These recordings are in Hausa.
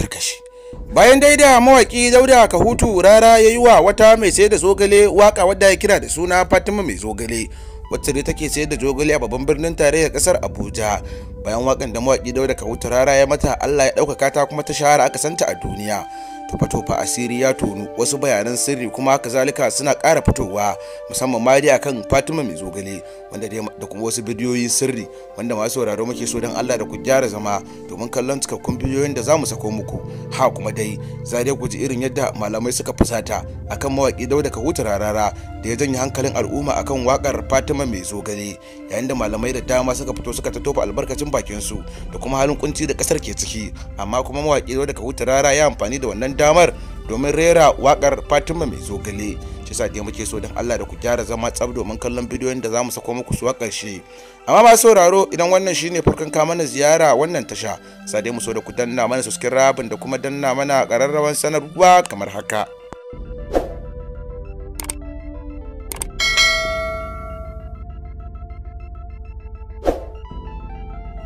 tarkashi bayan dai da mawaki dauda kahutu rara ya yi wa wata mai sayar da zogale waka wadda ya kira da suna fatima mai zogale wacce ne take sayar da zogale a babban birnin tarayyar kasar abuja bayan wakan da mawaki dauda kahutu rara ya mata allah ya ɗaukaka ta kuma ta shahara aka santa a duniya tofa fa asiri ya tonu wasu bayanan sirri kuma haka zalika suna ƙara fitowa musamman ma dai akan fatima mai zogale wanda da kuma wasu bidiyoyi sirri wanda masu sauraro muke so dan allah da ku gyara zama domin kallon cikakkun bidiyoyin da za mu sako muku ha kuma dai za dai ku ji irin yadda malamai suka fusata akan mawaƙi dauda kahuta rarara da ya janye hankalin al'umma akan wakar fatima mai zogale yayin da malamai da dama suka fito suka ta tofa albarkacin su da kuma halin kunci da kasar ke ciki amma kuma mawaƙi dauda kahuta rara ya amfani da wannan damar domin rera wakar fatima mai zogale shi sa dai muke so don allah da ku gyara zama tsab domin kallon bidiyon da za mu sako muku su ƙarshe amma masu sauraro idan wannan shine farkon kama mana ziyara wannan tasha sa dai mu so da ku danna mana subscribe da kuma danna mana ƙararrawan sanarwa kamar haka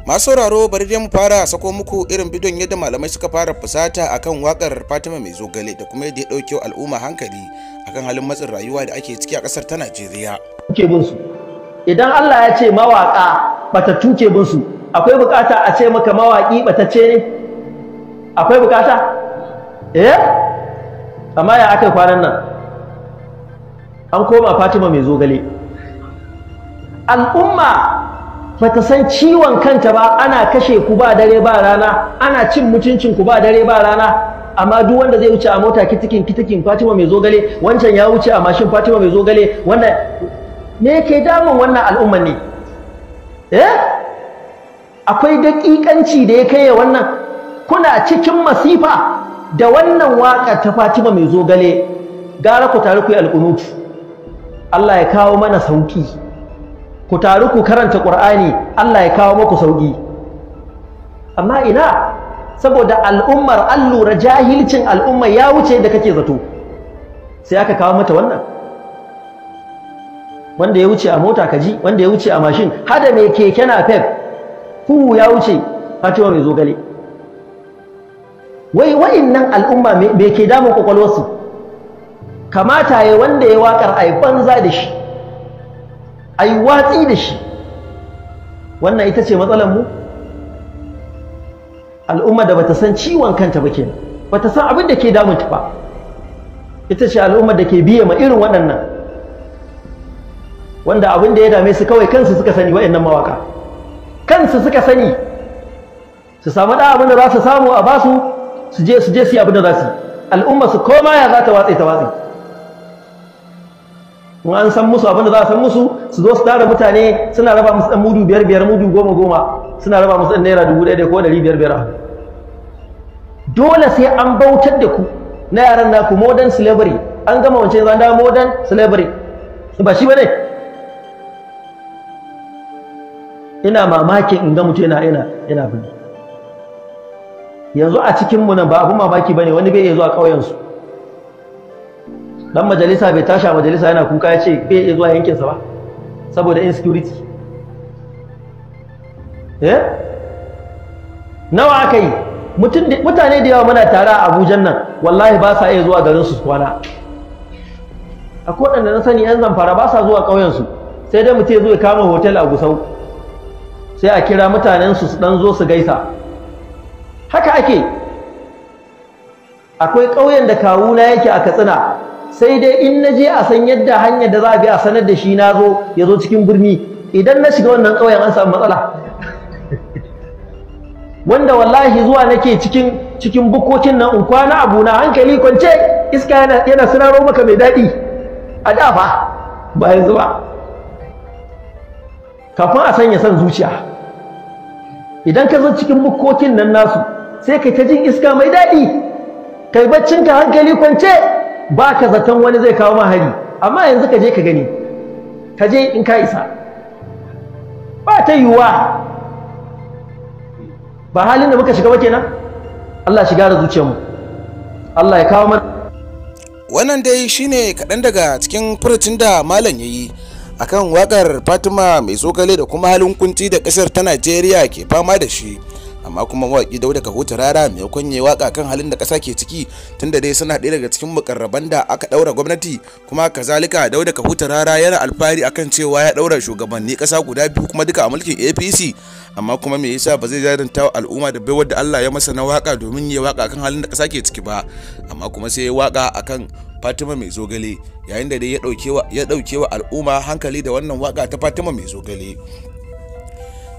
masu sauraro bari dai mu fara sako muku irin bidon yadda malamai suka fara fusata akan wakar Fatima mai zogale da kuma yadda ya dauke al'umma hankali akan halin matsin rayuwa da ake ciki a kasar ta Najeriya bin su idan Allah ya ce mawaka bata tuke bin su akwai bukata a ce maka mawaki bata ce ne akwai bukata eh amma ya aka kwanan nan an koma Fatima mai zogale al'umma bata san ciwon kanta ba ana kashe ku ba dare ba rana ana cin mutuncin ku ba dare ba rana amma duk wanda zai wuce a mota kitikin kitikin Fatima mai zogale wancan ya wuce a mashin Fatima mai zogale wannan me yake damun wannan al'umma ne eh akwai daƙiƙanci da ya kai wannan kuna cikin masifa da wannan waka ta Fatima mai zogale gara ku tare ku yi alƙunutu Allah ya kawo mana sauki. ku taru ku karanta ƙur'ani Allah ya kawo muku sauƙi. amma ina saboda al'ummar an lura jahilcin al'umma ya wuce da kake zato sai aka kawo mata wannan wanda ya wuce a mota kaji wanda ya wuce a mashin hada mai keke na fef hu ya wuce fatuwar mai zo gale wai wa'innan al'umma me ke damun kwakwalwarsu kamata ya wanda ya waƙar a banza da shi a yi watsi da shi wannan ita ce mu al'umma da bata san ciwon kanta ba kenan bata san abin da ke damunta ba ita ce al'ummar da ke biye ma irin waɗannan wanda abin da ya dame su kawai kansu suka sani waɗannan mawaka kansu suka sani su samu ɗan abin da za su samu a basu su je su je su yi abin da za su yi al'umma su koma ya za ta watse ta watse in an san musu abin da za a san musu su zo su tara mutane suna raba musu dan mudu biyar biyar mudu goma goma suna raba musu dan naira dubu ɗaya ko ɗari biyar biyar dole sai an bautar da ku na yaran naku modern slavery an gama wancan zan da modern slavery ba shi bane ina mamakin in ga mutum yana ina ina yanzu a cikin mu nan ba abun mamaki bane wani bai iya zuwa ƙauyensu. su dan majalisa bai tashi majalisa yana kuka ya ce bai iya zuwa yankinsa ba saboda insecurity eh nawa aka yi mutane da yawa muna tare a abujan nan wallahi ba sa iya zuwa garin su kwana akwai waɗanda na sani yan zamfara ba sa zuwa ƙauyensu sai dai mutum ya zo ya kama hotel a gusau sai a kira mutanensu su ɗan zo su gaisa haka ake akwai ƙauyen da kawuna yake a katsina sai dai in na je a san yadda hanyar da za a bi a sanar da shi na zo ya zo cikin birni idan na shiga wannan ƙauyen an samu matsala wanda wallahi zuwa nake cikin cikin bukokin nan in kwana abu na hankali kwance iska yana yana sinaro maka mai daɗi a dafa ba yanzu ba kafin a sanya san zuciya idan ka zo cikin bukokin nan nasu sai kai ta jin iska mai daɗi kai baccinka hankali kwance ba ka zaton wani zai kawo ma hari amma yanzu ka je ka gani ka je in ka isa ba ta yiwuwa ba halin da muka shiga ba kenan Allah shiga da zuciyarmu Allah ya kawo mana wannan dai shine kaɗan daga cikin furucin da malam ya yi akan wakar fatima mai tsokale da kuma halin kunci da ƙasar ta najeriya ke fama da shi amma kuma mawaƙi dauda ka huta rara mai kunye waka kan halin da ƙasa ke ciki tunda dai suna ɗaya daga cikin mukarraban da aka ɗaura gwamnati kuma kazalika dauda ka huta rara yana alfahari akan cewa ya ɗaura shugabanni ƙasa guda biyu kuma duka a mulkin apc amma kuma me yasa ba zai jarinta wa al'umma da bai da allah ya masa na waka domin ya waka akan halin da ƙasa ke ciki ba amma kuma sai ya waka akan fatima mai zogale yayin da dai ya dauke wa al'umma hankali da wannan waka ta fatima mai zogale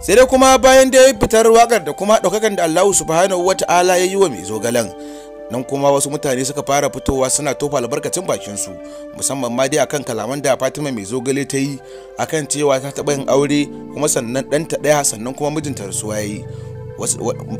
sai dai kuma bayan da ya fitar wakar da kuma ɗaukakan da allahu subhanahu wata'ala ya yi wa mai zogalen nan kuma wasu mutane suka fara fitowa suna tofa albarkacin bakin su musamman ma dai akan kalaman da Fatima mai zogale ta yi akan cewa ta taɓa yin aure kuma sannan ɗanta ɗaya sannan kuma mijinta rasuwa yayi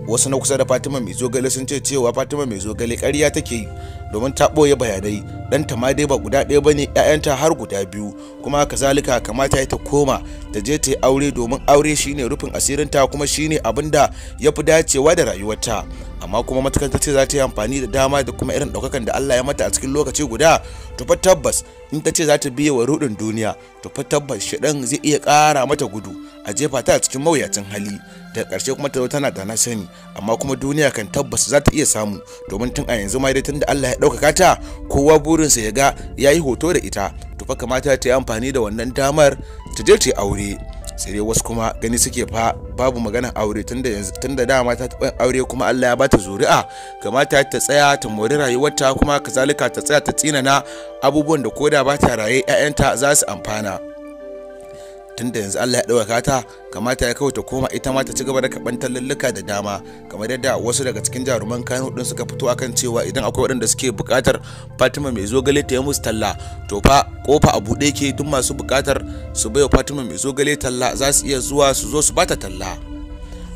wasu na kusa da fatima mai zogale sun ce cewa fatima mai zogale karya take yi domin ta ɓoye bayanai ɗanta ma dai ba guda ɗaya ba ne ‘ya'yanta har guda biyu kuma kazalika kamata ya ta koma ta je ta yi aure domin aure shine rufin asirinta kuma shine abin da ya fi dacewa da rayuwarta amma kuma matakan ta ce za ta yi amfani da dama da kuma irin ɗaukakan da allah ya mata a cikin lokaci guda to fa tabbas in ta ce za ta biye wa rudin duniya to fa tabbas shaɗan zai iya ƙara mata gudu a jefa ta cikin mawuyacin hali da ƙarshe kuma ta zo tana da na sani amma kuma duniya kan tabbas za ta iya samu domin tun a yanzu ma dai tun da Allah ya ɗaukaka ta kowa burinsa ya ga ya yi hoto da ita to fa kamata ta yi amfani da wannan damar ta je ta yi aure sai dai wasu kuma gani suke fa babu magana aure tunda yanzu tunda dama ta taɓa aure kuma Allah ya bata zuri'a kamata ta tsaya ta mori rayuwarta kuma kazalika ta tsaya ta tsinana abubuwan da koda ba ta raye 'ya'yanta za su amfana tunda yanzu Allah ya ɗaukaka ta kamata ya kawai ta koma ita ma ta ci gaba da karɓan tallallika da dama kamar yadda wasu daga cikin jaruman kayan hudun suka fito akan cewa idan akwai waɗanda suke buƙatar Fatima mai zogale ta yi musu talla to fa kofa a buɗe ke duk masu buƙatar su baiwa Fatima mai zogale talla za su iya zuwa su zo su bata talla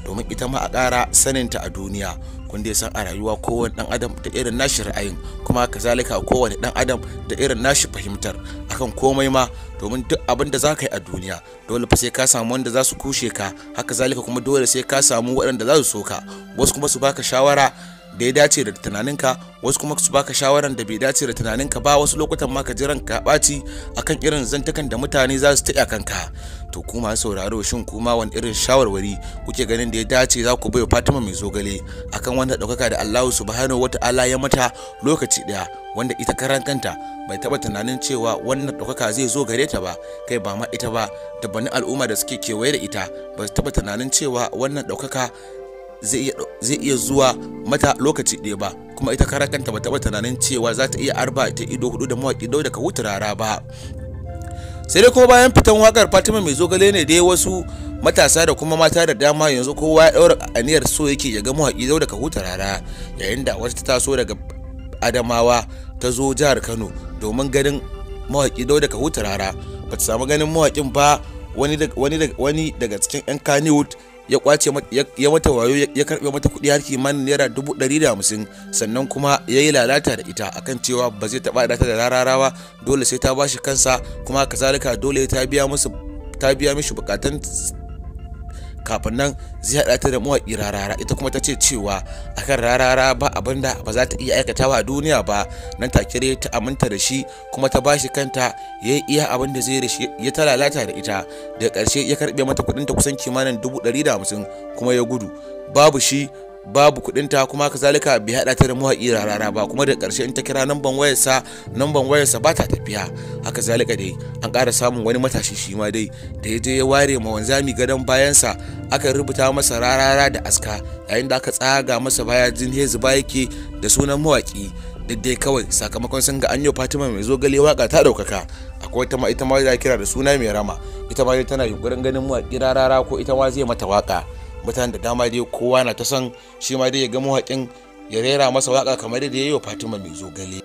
domin ita ma a ƙara saninta a duniya kun dai san a rayuwa kowane ɗan adam da irin nashi ra'ayin kuma kazalika kowane dan adam da irin nashi fahimtar akan komai ma domin duk abin da za ka yi a duniya dole fa sai ka samu wanda za su kushe ka haka zalika kuma dole sai ka samu waɗanda za su so ka wasu kuma su baka shawara da ya dace da tunaninka wasu kuma su baka shawaran da bai dace da tunaninka ba wasu lokutan ma ka ji ranka ɓaci akan irin zantakan da mutane za su taɓa kanka to kuma sauraro shin kuma wani irin shawarwari kuke ganin da ya dace za ku bai Fatima mai zogale akan wanda ɗaukaka da Allahu subhanahu wata'ala ya mata lokaci ɗaya wanda ita karan kanta bai taɓa tunanin cewa wannan ɗaukaka zai zo gare ta ba kai ba ma ita ba da bani al'umma da suke kewaye da ita ba su taɓa tunanin cewa wannan ɗaukaka zai iya zuwa mata lokaci ɗaya ba kuma ita kara kanta ba taɓa tunanin cewa za ta iya arba ta ido hudu da mawaƙi dau daga wuta rara ba sai dai kuma bayan fitan wakar fatima mai zogale ne dai wasu matasa da kuma mata da dama yanzu kowa ya ɗaura aniyar so yake ya ga mawaƙi dau daga huta rara yayin da wata ta taso daga adamawa ta zo jihar kano domin ganin mawaƙi dau daga huta rara ba ta samu ganin mawaƙin ba wani daga cikin 'yan kanewood ya kwace ya mata wayo ya karbe mata kuɗi har kimanin naira dubu ɗari da hamsin sannan kuma ya yi lalata da ita akan cewa ba zai taɓa da ta da rararawa dole sai ta bashi kansa kuma kazalika dole ta biya musu ta biya mishi bukatun kafin nan zai haɗa ta da mawaƙi rarara ita kuma ta ce cewa akan rarara ba abin ba za ta iya aikatawa a duniya ba nan take ta aminta da shi kuma ta ba shi kanta ya yi iya abin da zai da ya ta lalata da ita daga ƙarshe ya karɓe mata kuɗin ta kusan kimanin dubu ɗari da hamsin kuma ya gudu babu shi babu ta kuma kazalika bai hada ta da mawaƙi rarara ba kuma da karshe in ta kira namban wayarsa namban wayarsa ba ta tafiya haka zalika dai an ƙara samun wani matashi shi ma dai da ya je ya ware ma wanzami gadon bayansa aka rubuta masa rarara da aska yayin da aka ga masa baya jin hezuba yake da sunan mawaƙi daidai kawai sakamakon sun ga anyo fatima mai zo gale waka ta daukaka akwai ta ma ita ma da kira da suna mai rama ita ma tana yunkurin ganin mawaƙi rarara ko ita ma zai mata waka mutane da dama dai kowa na ta san shi ma dai ya ga mawaƙin ya rera masa waƙa kamar da ya yi wa fatima mai zogale